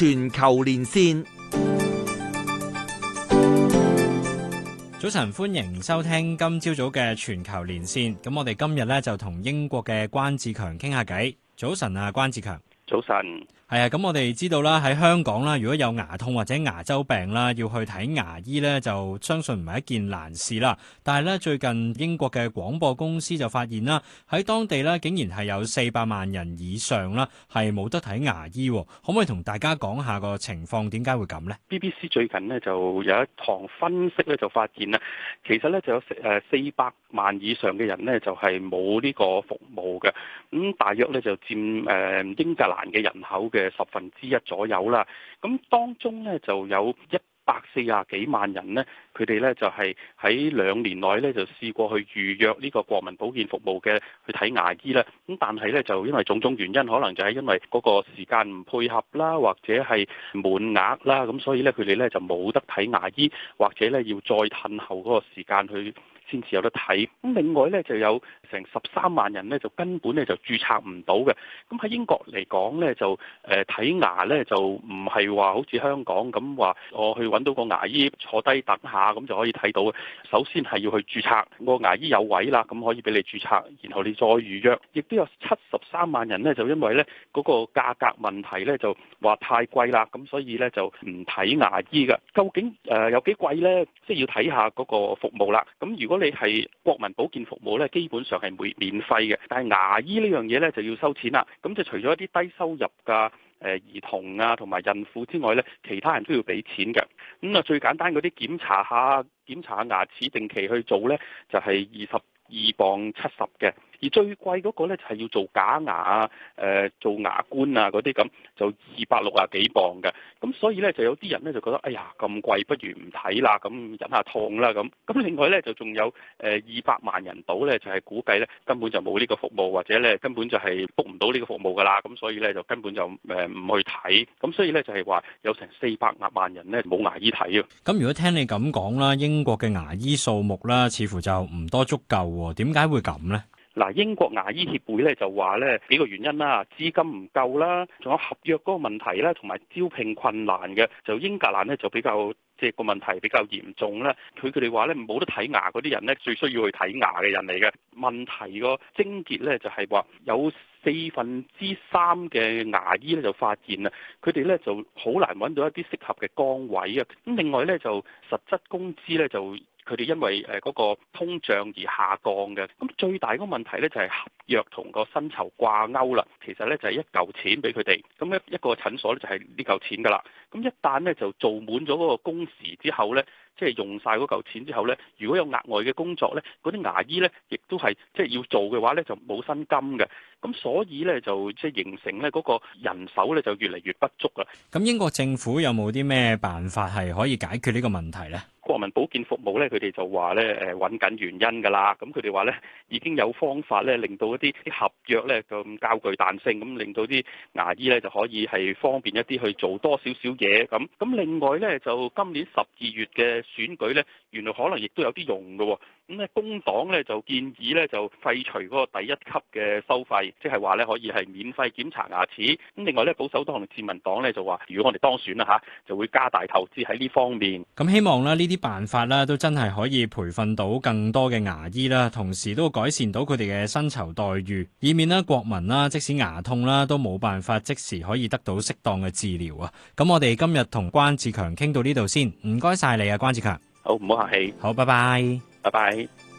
全球連線，早晨，歡迎收聽今朝早嘅全球連線。咁我哋今日呢就同英國嘅關志強傾下偈。早晨啊，關志強，早晨。係啊，咁我哋知道啦，喺香港啦，如果有牙痛或者牙周病啦，要去睇牙醫呢，就相信唔係一件難事啦。但係呢，最近英國嘅廣播公司就發現啦，喺當地呢，竟然係有四百萬人以上啦，係冇得睇牙醫。可唔可以同大家講下個情況？點解會咁呢？BBC 最近呢，就有一堂分析咧就發現啦，其實呢，就有誒四百萬以上嘅人呢，就係冇呢個服務嘅，咁大約呢，就佔英格蘭嘅人口嘅嘅十分之一左右啦，咁當中咧就有一百四廿幾萬人咧，佢哋咧就係喺兩年內咧就試過去預約呢個國民保健服務嘅去睇牙醫啦，咁但係咧就因為種種原因，可能就係因為嗰個時間唔配合啦，或者係滿額啦，咁所以咧佢哋咧就冇得睇牙醫，或者咧要再褪後嗰個時間去。先至有得睇。咁另外咧，就有成十三萬人咧，就根本咧就註冊唔到嘅。咁喺英國嚟講咧，就誒睇、呃、牙咧就唔係話好似香港咁話我去揾到個牙醫坐低等下咁就可以睇到。首先係要去註冊、個牙醫有位啦，咁可以俾你註冊，然後你再預約。亦都有七十三萬人咧，就因為咧嗰、個價格問題咧，就話太貴啦，咁所以咧就唔睇牙醫嘅。究竟誒、呃、有幾貴咧？即係要睇下嗰個服務啦。咁如果你係國民保健服務咧，基本上係會免費嘅，但係牙醫呢樣嘢咧就要收錢啦。咁就除咗一啲低收入嘅誒兒童啊、同埋孕婦之外咧，其他人都要俾錢嘅。咁啊，最簡單嗰啲檢查下、檢查下牙齒，定期去做咧，就係二十二磅七十嘅。而最貴嗰個咧就係要做假牙啊、呃，做牙冠啊嗰啲咁，就二百六啊幾磅嘅。咁所以咧就有啲人咧就覺得，哎呀咁貴，不如唔睇啦，咁忍下痛啦咁。咁另外咧就仲有誒二百萬人到咧，就係估計咧根本就冇呢個服務，或者咧根本就係 book 唔到呢個服務㗎啦。咁所以咧就根本就唔去睇。咁所以咧就係、是、話有成四百亞萬人咧冇牙醫睇啊。咁如果聽你咁講啦，英國嘅牙醫數目啦，似乎就唔多足夠喎。點解會咁咧？嗱，英國牙醫協會咧就話咧幾個原因啦，資金唔夠啦，仲有合約嗰個問題啦，同埋招聘困難嘅，就英格蘭咧就比較即係個問題比較嚴重啦。佢佢哋話咧冇得睇牙嗰啲人咧最需要去睇牙嘅人嚟嘅。問題個症結咧就係話有四分之三嘅牙醫咧就發現啦，佢哋咧就好難揾到一啲適合嘅崗位啊。咁另外咧就實質工資咧就佢哋因為誒嗰個通脹而下降嘅，咁最大嗰個問題咧就係合約同個薪酬掛鈎啦。其實咧就係一嚿錢俾佢哋，咁一一個診所咧就係呢嚿錢噶啦。咁一旦咧就做滿咗嗰個工時之後咧，即係用晒嗰嚿錢之後咧，如果有額外嘅工作咧，嗰啲牙醫咧亦都係即係要做嘅話咧就冇薪金嘅。咁所以咧就即係形成咧嗰個人手咧就越嚟越不足啦。咁英國政府有冇啲咩辦法係可以解決呢個問題咧？民保健服務咧，佢哋就話咧，誒揾緊原因㗎啦。咁佢哋話咧，已經有方法咧，令到一啲啲合約咧咁較具彈性，咁令到啲牙醫咧就可以係方便一啲去做多少少嘢。咁咁另外咧，就今年十二月嘅選舉咧，原來可能亦都有啲用㗎喎。咁咧，工黨咧就建議咧就廢除嗰個第一級嘅收費，即係話咧可以係免費檢查牙齒。咁另外咧，保守黨同自民黨咧就話，如果我哋當選啦嚇，就會加大投資喺呢方面。咁希望啦，呢啲。辦法啦，都真係可以培訓到更多嘅牙醫啦，同時都改善到佢哋嘅薪酬待遇，以免啦國民啦即使牙痛啦都冇辦法即時可以得到適當嘅治療啊！咁我哋今日同關志強傾到呢度先，唔該晒你啊，關志強。好，唔好客氣。好，拜拜。拜拜。